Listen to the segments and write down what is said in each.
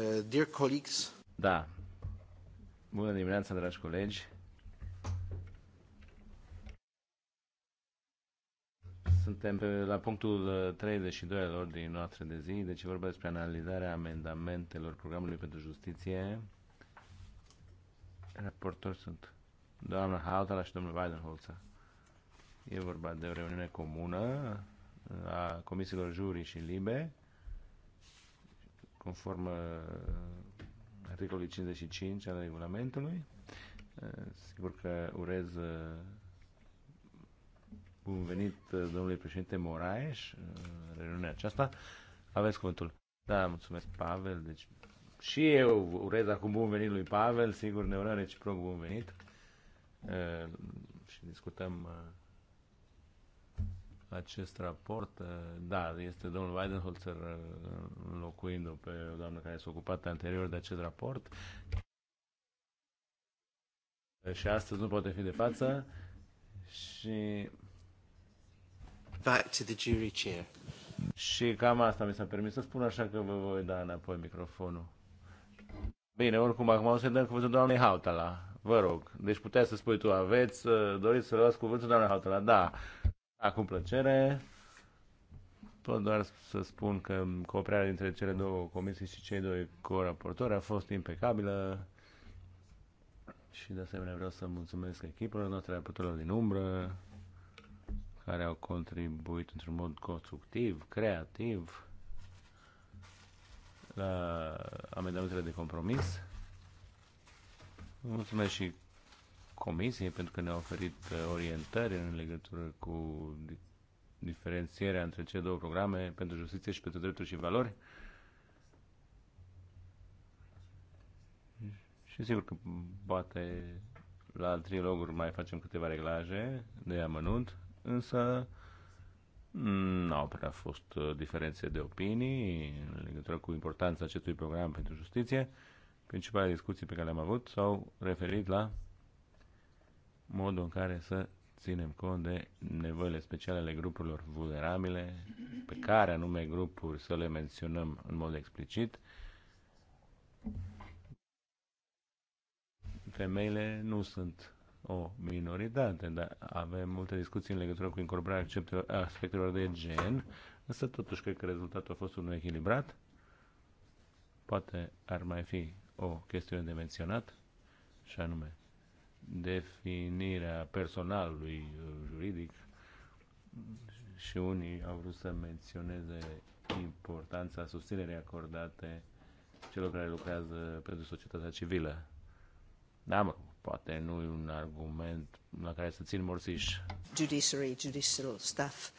Uh, dear colleagues. Da. Bună dimineața, dragi colegi. Suntem pe, la punctul 32 uh, al ordinii noastre de zi, deci vorba despre analizarea amendamentelor programului pentru justiție. Raportori sunt doamna Hautala și domnul Weidenholzer. E vorba de o reuniune comună a comisiilor jurii și libe conform uh, articolului 55 al regulamentului. Uh, sigur că urez uh, bun venit domnului președinte Moraes în reuniunea aceasta. Aveți cuvântul. Da, mulțumesc, Pavel. Deci, și eu urez acum bun venit lui Pavel, sigur ne urăm reciproc bun venit și discutăm acest raport. Eh, da, este domnul Weidenholzer eh, înlocuind o pe o doamnă care s-a ocupat anterior de acest raport. Eh, și astăzi nu poate fi de față. Și... Back to the jury chair. Și cam asta mi s-a permis să spun, așa că vă voi da înapoi microfonul. Bine, oricum, acum o să dăm cuvântul doamnei Hautala. Vă rog. Deci puteai să spui tu, aveți, doriți să luați cuvântul doamnei Hautala. Da cu plăcere. Pot doar să spun că cooperarea dintre cele două comisii și cei doi co-raportori a fost impecabilă și de asemenea vreau să mulțumesc echipelor noastre, raportorilor din umbră, care au contribuit într-un mod constructiv, creativ la amendamentele de compromis. Mulțumesc și comisie pentru că ne-a oferit uh, orientări în legătură cu diferențierea între cele două programe pentru justiție și pentru drepturi și valori. Și sigur că poate la triloguri mai facem câteva reglaje de amănunt, însă nu au prea fost uh, diferențe de opinii în legătură cu importanța acestui program pentru justiție. Principalele discuții pe care le-am avut s-au referit la modul în care să ținem cont de nevoile speciale ale grupurilor vulnerabile, pe care anume grupuri să le menționăm în mod explicit. Femeile nu sunt o minoritate, dar avem multe discuții în legătură cu incorporarea aspectelor de gen, însă totuși cred că rezultatul a fost unul echilibrat. Poate ar mai fi o chestiune de menționat, și anume definirea personalului uh, juridic și unii au vrut să menționeze importanța susținerii acordate celor care lucrează pentru societatea civilă. Da, mă, poate nu e un argument la care să țin morțiș. Judiciary, judicial staff,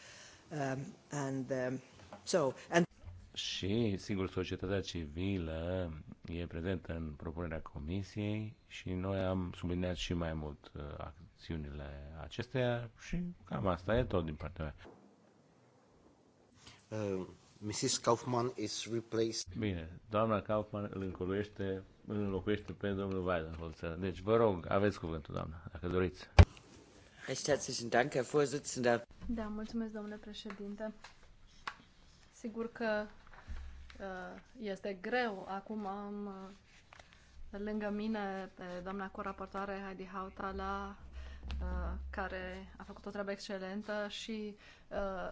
um, and um, so, and și, sigur, societatea civilă e prezentă în propunerea comisiei și noi am subliniat și mai mult uh, acțiunile acesteia și cam asta e tot din partea mea. Uh, Mrs. Kaufman is replaced. Bine, doamna Kaufman îl înlocuiește, îl înlocuiește pe domnul Weidenholzer. Deci, vă rog, aveți cuvântul, doamna, dacă doriți. Recht herzlichen Dank, Herr Vorsitzender. Da, mulțumesc, domnule președinte. Sigur că Uh, este greu. Acum am uh, lângă mine pe doamna coraportoare Heidi Hautala, uh, care a făcut o treabă excelentă și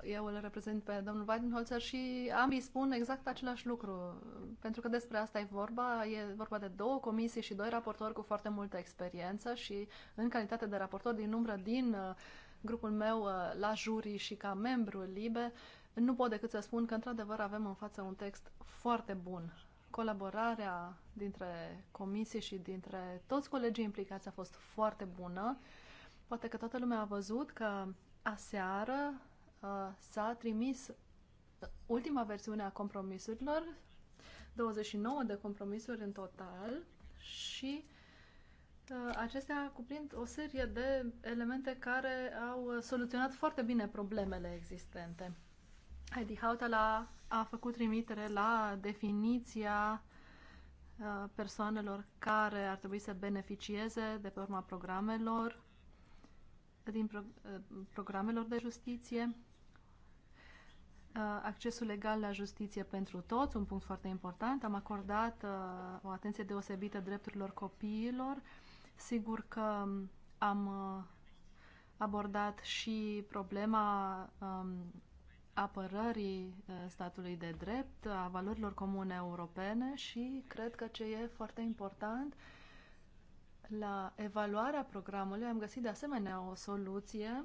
eu îl reprezint pe domnul Weidenholzer și ambii spun exact același lucru. Pentru că despre asta e vorba, e vorba de două comisii și doi raportori cu foarte multă experiență și în calitate de raportor din umbră din grupul meu la jurii și ca membru libe, nu pot decât să spun că, într-adevăr, avem în față un text foarte bun. Colaborarea dintre comisii și dintre toți colegii implicați a fost foarte bună. Poate că toată lumea a văzut că aseară uh, s-a trimis uh, ultima versiune a compromisurilor, 29 de compromisuri în total și uh, acestea cuprind o serie de elemente care au uh, soluționat foarte bine problemele existente. Heidi Hautala a făcut trimitere la definiția uh, persoanelor care ar trebui să beneficieze de pe urma programelor, din pro, uh, programelor de justiție, uh, accesul legal la justiție pentru toți, un punct foarte important. Am acordat o atenție deosebită drepturilor copiilor. Sigur că um, am abordat și problema um, apărării uh, statului de drept, a valorilor comune europene și cred că ce e foarte important la evaluarea programului am găsit de asemenea o soluție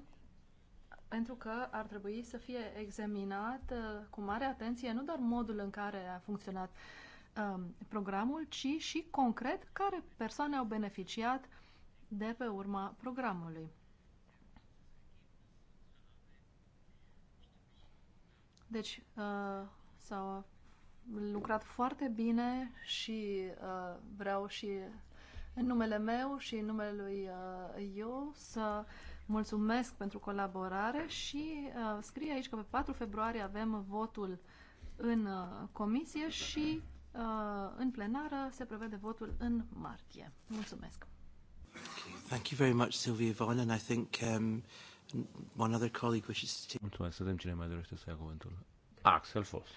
pentru că ar trebui să fie examinat uh, cu mare atenție nu doar modul în care a funcționat um, programul, ci și concret care persoane au beneficiat de pe urma programului. Deci uh, s-au lucrat foarte bine și uh, vreau și în numele meu și în numele lui uh, eu să mulțumesc pentru colaborare și uh, scrie aici că pe 4 februarie avem votul în uh, comisie și uh, în plenară se prevede votul în martie. Mulțumesc. Okay. Thank you very much Sylvia Vaughan and I think um, One other colleague wishes to take... Mulțumesc, să vedem cine mai dorește să ia cuvântul. Axel Foss.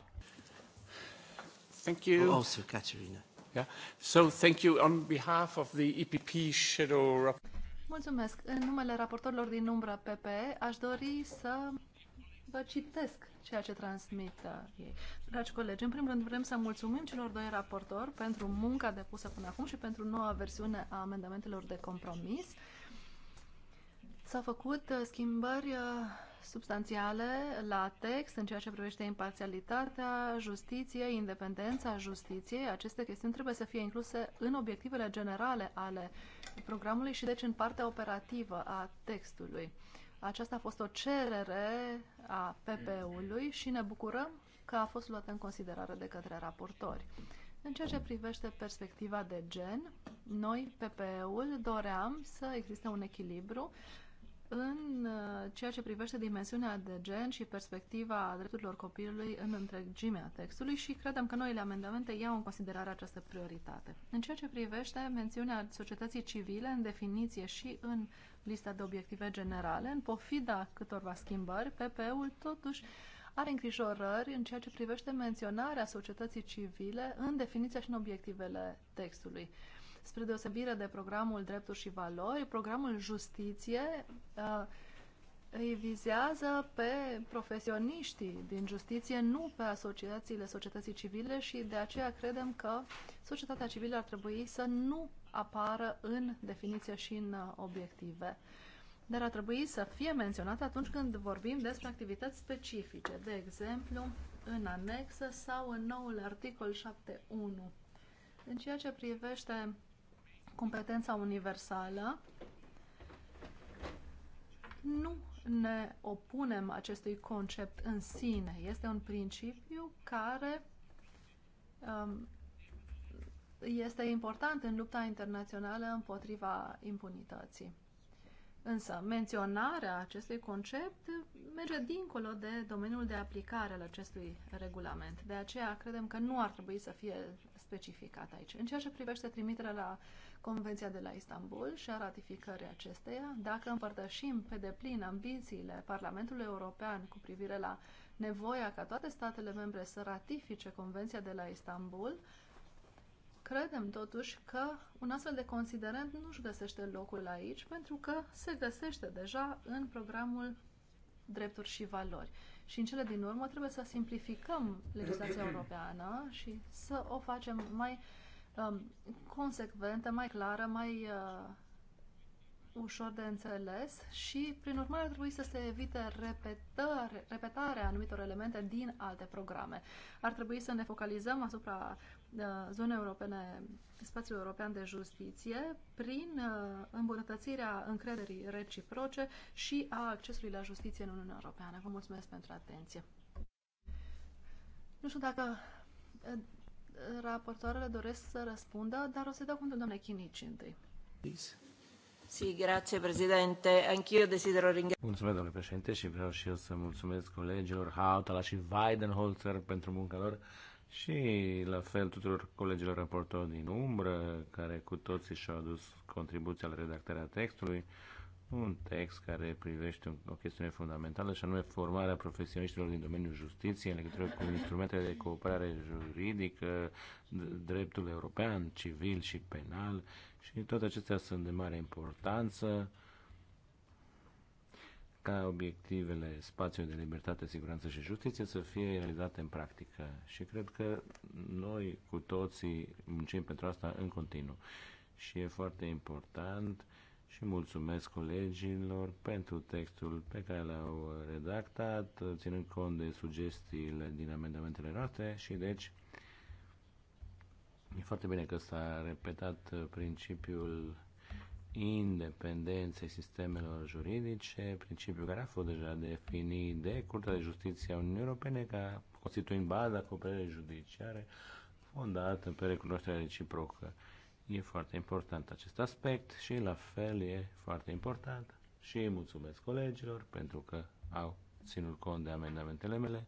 Thank you. Oh, also, oh, Caterina. Yeah. So, thank you on behalf of the EPP shadow Mulțumesc. În numele raportorilor din umbra PP, aș dori să vă citesc ceea ce transmit uh, ei. Dragi colegi, în primul rând vrem să mulțumim celor doi raportori pentru munca depusă până acum și pentru noua versiune a amendamentelor de compromis. S-au făcut uh, schimbări uh, substanțiale la text în ceea ce privește imparțialitatea justiție, independența justiției. Aceste chestiuni trebuie să fie incluse în obiectivele generale ale programului și deci în partea operativă a textului. Aceasta a fost o cerere a PP-ului și ne bucurăm că a fost luată în considerare de către raportori. În ceea ce privește perspectiva de gen, noi, PPE-ul, doream să existe un echilibru în uh, ceea ce privește dimensiunea de gen și perspectiva drepturilor copilului în întregimea textului și credem că noile amendamente iau în considerare această prioritate. În ceea ce privește mențiunea societății civile în definiție și în lista de obiective generale, în pofida câtorva schimbări, PP-ul totuși are îngrijorări în ceea ce privește menționarea societății civile în definiția și în obiectivele textului spre deosebire de programul Drepturi și Valori, programul Justiție uh, îi vizează pe profesioniștii din justiție, nu pe asociațiile societății civile și de aceea credem că societatea civilă ar trebui să nu apară în definiție și în uh, obiective. Dar ar trebui să fie menționată atunci când vorbim despre activități specifice, de exemplu, în anexă sau în noul articol 7.1. În ceea ce privește competența universală. Nu ne opunem acestui concept în sine. Este un principiu care um, este important în lupta internațională împotriva impunității. Însă, menționarea acestui concept merge dincolo de domeniul de aplicare al acestui regulament. De aceea, credem că nu ar trebui să fie specificat aici. În ceea ce privește trimiterea la uh, Convenția de la Istanbul și a ratificării acesteia, dacă împărtășim pe deplin ambițiile Parlamentului European cu privire la nevoia ca toate statele membre să ratifice Convenția de la Istanbul, credem totuși că un astfel de considerent nu își găsește locul aici, pentru că se găsește deja în programul drepturi și valori. Și în cele din urmă trebuie să simplificăm legislația europeană și să o facem mai uh, um, consecventă, mai clară, mai uh, ușor de înțeles și, prin urmare, ar trebui să se evite repetare, repetarea anumitor elemente din alte programe. Ar trebui să ne focalizăm asupra uh, zonei europene, spațiul european de justiție, prin uh, îmbunătățirea încrederii reciproce și a accesului la justiție în Uniunea Europeană. Vă mulțumesc pentru atenție. Nu știu dacă uh, raportoarele doresc să răspundă, dar o să dau cuvântul doamnei Chinici întâi. Please. Sì, grazie Presidente. Anch'io desidero ringraziare. Mulțumesc, domnule președinte, și vreau și eu să mulțumesc colegilor Hautala și Weidenholzer pentru munca lor și la fel tuturor colegilor raportori din umbră, care cu toții și-au adus contribuția la redactarea textului un text care privește o chestiune fundamentală și anume formarea profesioniștilor din domeniul justiției în legătură cu instrumentele de cooperare juridică, dreptul european, civil și penal și toate acestea sunt de mare importanță ca obiectivele spațiului de libertate, siguranță și justiție să fie realizate în practică. Și cred că noi cu toții muncim pentru asta în continuu. Și e foarte important și mulțumesc colegilor pentru textul pe care l-au redactat, ținând cont de sugestiile din amendamentele noastre și deci e foarte bine că s-a repetat principiul independenței sistemelor juridice, principiul care a fost deja definit de Curtea de Justiție a Uniunii Europene ca constituind baza cooperării judiciare fondată pe recunoașterea reciprocă. E foarte important acest aspect și la fel e foarte important și mulțumesc colegilor pentru că au ținut cont de amendamentele mele.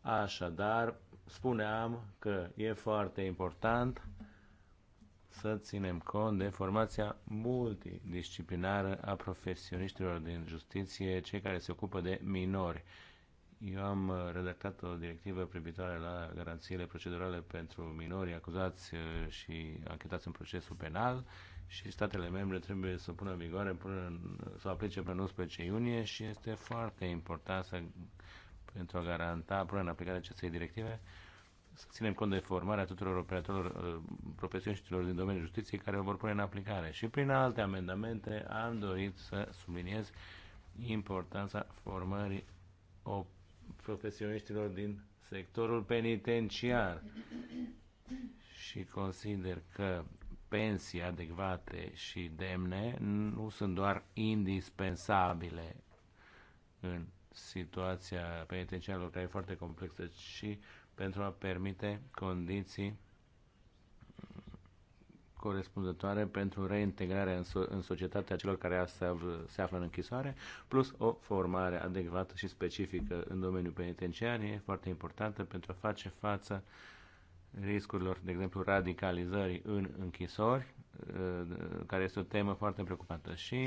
Așadar, spuneam că e foarte important să ținem cont de formația multidisciplinară a profesioniștilor din justiție, cei care se ocupă de minori. Eu am uh, redactat o directivă privitoare la garanțiile procedurale pentru minorii acuzați uh, și anchetați în procesul penal și statele membre trebuie să pună în vigoare până în, să aplice până 11 iunie și este foarte important să, pentru a garanta până în aplicarea acestei directive să ținem cont de formarea tuturor operatorilor uh, profesioniștilor din domeniul justiției care o vor pune în aplicare. Și prin alte amendamente am dorit să subliniez importanța formării op profesioniștilor din sectorul penitenciar și consider că pensii adecvate și demne nu sunt doar indispensabile în situația penitenciarilor care e foarte complexă, și pentru a permite condiții corespunzătoare pentru reintegrarea în, so- în societatea celor care se, afl- se află în închisoare, plus o formare adecvată și specifică în domeniul penitenciar e foarte importantă pentru a face față riscurilor, de exemplu, radicalizării în închisori, eh, care este o temă foarte preocupantă. Și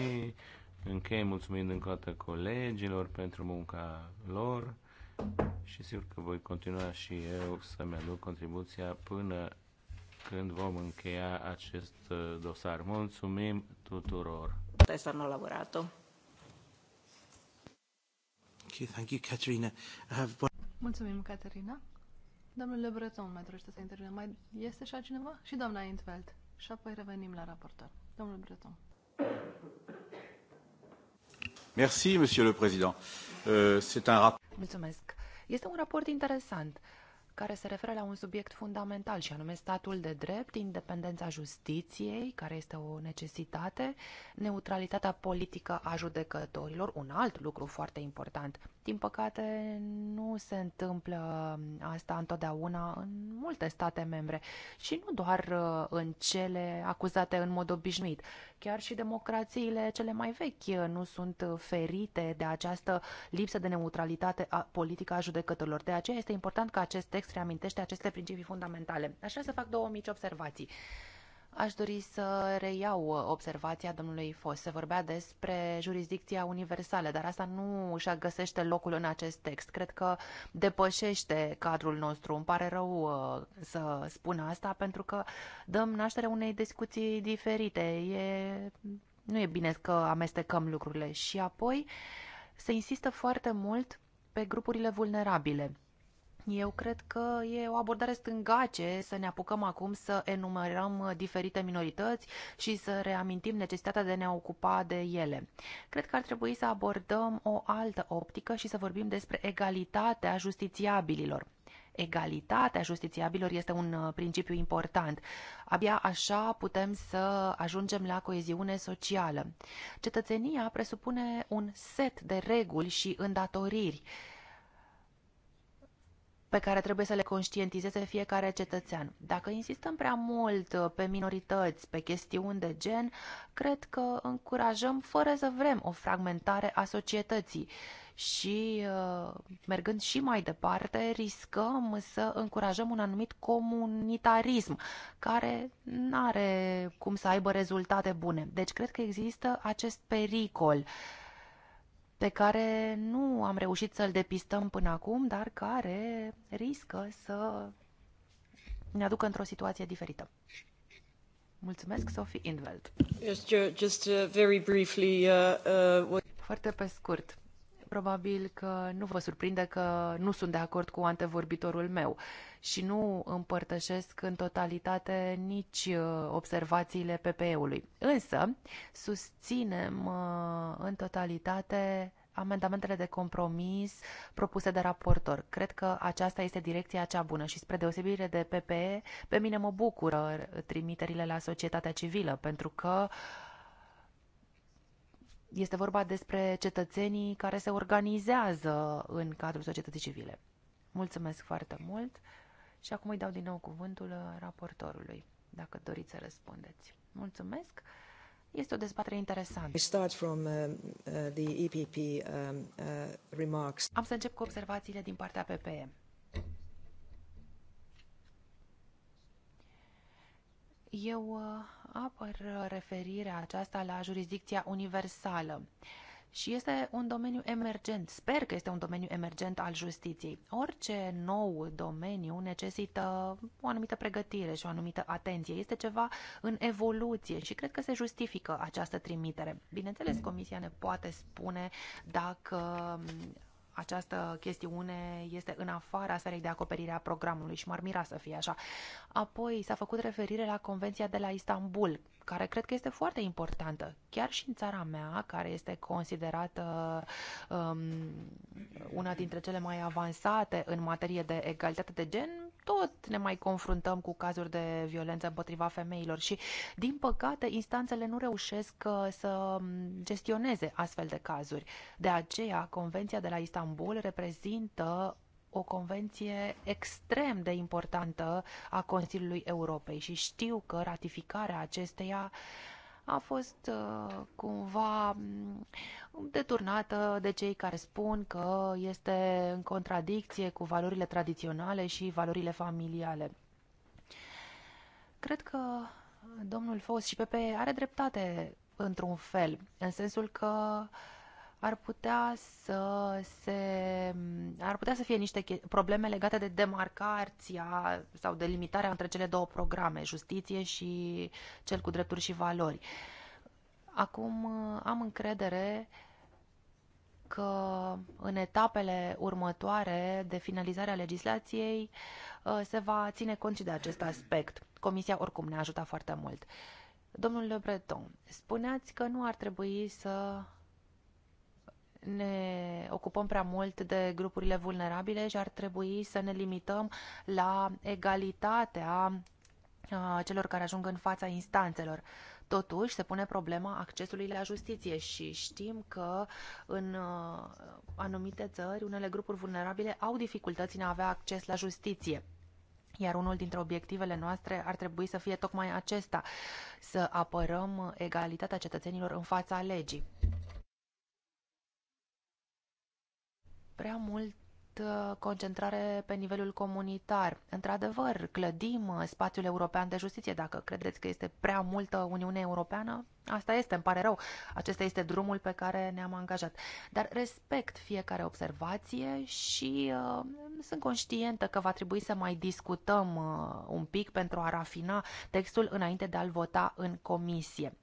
închei mulțumind încă o dată colegilor pentru munca lor și sigur că voi continua și eu să-mi aduc contribuția până când vom încheia acest uh, dosar. Mulțumim tuturor! Testa hanno lavorato. Okay, thank you, Caterina. Mulțumim, Caterina. Domnule Breton mai dorește să intervine. Mai este și altcineva? Și doamna Intveld. Și apoi revenim la raportor. Domnule Breton. Merci, monsieur le président. Uh, un rap... Mulțumesc. Este un raport interesant. Uh, care se referă la un subiect fundamental și anume statul de drept, independența justiției, care este o necesitate, neutralitatea politică a judecătorilor, un alt lucru foarte important. Din păcate, nu se întâmplă asta întotdeauna în multe state membre și nu doar uh, în cele acuzate în mod obișnuit. Chiar și democrațiile cele mai vechi uh, nu sunt uh, ferite de această lipsă de neutralitate a politică a judecătorilor. De aceea este important că acest text reamintește aceste principii fundamentale. Așa să fac două mici observații. Aș dori să reiau observația domnului Fos. Se vorbea despre jurisdicția universală, dar asta nu își găsește locul în acest text. Cred că depășește cadrul nostru. Îmi pare rău uh, să spun asta pentru că dăm naștere unei discuții diferite. E... Nu e bine că amestecăm lucrurile. Și apoi se insistă foarte mult pe grupurile vulnerabile eu cred că e o abordare stângace să ne apucăm acum să enumerăm uh, diferite minorități și să reamintim necesitatea de a ne ocupa de ele. Cred că ar trebui să abordăm o altă optică și să vorbim despre egalitatea justițiabililor. Egalitatea justițiabilor este un uh, principiu important. Abia așa putem să ajungem la coeziune socială. Cetățenia presupune un set de reguli și îndatoriri pe care trebuie să le conștientizeze fiecare cetățean. Dacă insistăm prea mult uh, pe minorități, pe chestiuni de gen, cred că încurajăm fără să vrem o fragmentare a societății și uh, mergând și mai departe, riscăm să încurajăm un anumit comunitarism care nu are cum să aibă rezultate bune. Deci cred că există acest pericol pe care nu am reușit să-l depistăm până acum, dar care riscă să ne aducă într-o situație diferită. Mulțumesc, Sophie Indveld. Yes, just uh, very briefly, uh, uh, what... Foarte pe scurt probabil că nu vă surprinde că nu sunt de acord cu antevorbitorul meu și nu împărtășesc în totalitate nici uh, observațiile PPE-ului. Însă, susținem uh, în totalitate amendamentele de compromis propuse de raportor. Cred că aceasta este direcția cea bună și spre deosebire de PPE, pe mine mă bucură trimiterile la societatea civilă, pentru că uh, este vorba despre cetățenii care se organizează în cadrul societății civile. Mulțumesc foarte mult și acum îi dau din nou cuvântul raportorului, dacă doriți să răspundeți. Mulțumesc! Este o dezbatere interesantă. Start from, uh, uh the EPP, um, uh, remarks. Am să încep cu observațiile din partea PPE. Eu uh, apăr referirea aceasta la jurisdicția universală și este un domeniu emergent. Sper că este un domeniu emergent al justiției. Orice nou domeniu necesită o anumită pregătire și o anumită atenție. Este ceva în evoluție și cred că se justifică această trimitere. Bineînțeles, Comisia ne poate spune dacă această chestiune este în afara sferei de acoperire a programului și m-ar mira să fie așa. Apoi s-a făcut referire la Convenția de la Istanbul, care cred că este foarte importantă. Chiar și în țara mea, care este considerată um, una dintre cele mai avansate în materie de egalitate de gen, tot ne mai confruntăm cu cazuri de violență împotriva femeilor și, din păcate, instanțele nu reușesc uh, să mm, gestioneze astfel de cazuri. De aceea, Convenția de la Istanbul reprezintă o convenție extrem de importantă a Consiliului Europei și știu că ratificarea acesteia uh, a fost uh, cumva mm, deturnată de cei care spun că este în contradicție cu valorile tradiționale și valorile familiale. Cred că domnul Fos și Pepe are dreptate într-un fel, în sensul că uh, ar putea să, se, ar putea să fie niște probleme legate de demarcarția sau de limitarea între cele două programe, justiție și cel cu drepturi și valori. Acum uh, am încredere că în etapele următoare de finalizare a legislației uh, se va ține cont și de acest aspect. Comisia oricum ne-a ajutat foarte mult. Domnule Breton, spuneați că nu ar trebui să ne ocupăm prea mult de grupurile vulnerabile și ar trebui să ne limităm la egalitatea celor care ajung în fața instanțelor. Totuși, se pune problema accesului la justiție și știm că în anumite țări, unele grupuri vulnerabile au dificultăți în a avea acces la justiție. Iar unul dintre obiectivele noastre ar trebui să fie tocmai acesta, să apărăm egalitatea cetățenilor în fața legii. prea mult uh, concentrare pe nivelul comunitar. Într-adevăr, clădim uh, spațiul european de justiție. Dacă credeți că este prea multă Uniune Europeană, asta este, îmi pare rău. Acesta este drumul pe care ne-am angajat. Dar respect fiecare observație și uh, sunt conștientă că va trebui să mai discutăm uh, un pic pentru a rafina textul înainte de a-l vota în comisie.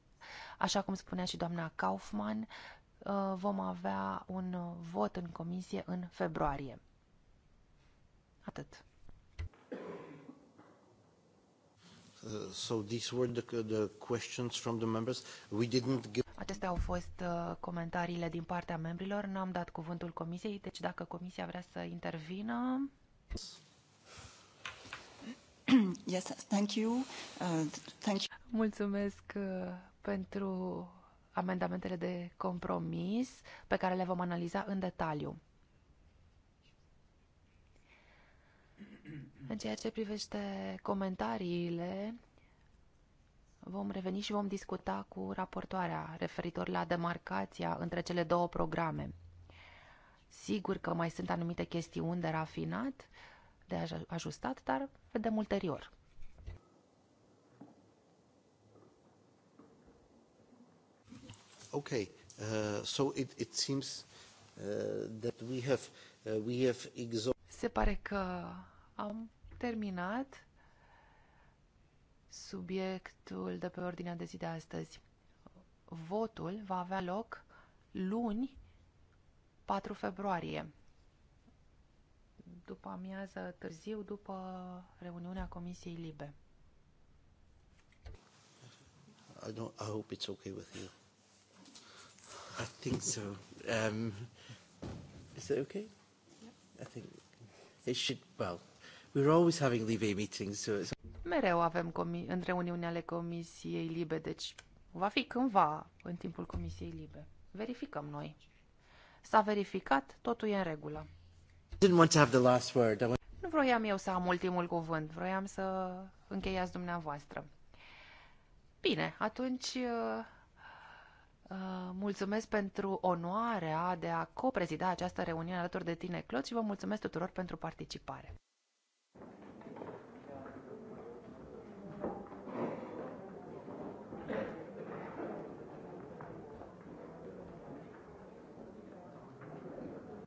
Așa cum spunea și doamna Kaufman, Uh, vom avea un uh, vot în comisie în februarie. Atât. Uh, so these were the, questions from the members. We didn't Acestea au fost comentariile din partea membrilor. N-am dat cuvântul comisiei, deci dacă comisia vrea să intervină... Yes, thank you. Uh, thank you. Mulțumesc pentru amendamentele de compromis pe care le vom analiza în detaliu. În ceea ce privește comentariile, vom reveni și vom discuta cu raportoarea referitor la demarcația între cele două programe. Sigur că mai sunt anumite chestiuni de rafinat, de ajustat, dar vedem ulterior. Okay. Uh, so it, it seems uh, that we have, uh, we have Se pare că am terminat subiectul de pe ordinea de zi de astăzi. Votul va avea loc luni 4 februarie după amiază târziu, după reuniunea Comisiei Libe. I, don't, I hope it's okay with you. I think so. Um, is that okay? I think it should, well, we're always having leave meetings, so it's... Mereu avem comi- întreuniuni ale Comisiei Libe, deci va fi cândva în timpul Comisiei Libe. Verificăm noi. S-a verificat, totul e în regulă. Nu vroiam eu să am ultimul cuvânt, vroiam să încheiați dumneavoastră. Bine, atunci uh, Uh, mulțumesc pentru onoarea de a coprezida această reuniune alături de tine, Clot, și vă mulțumesc tuturor pentru participare.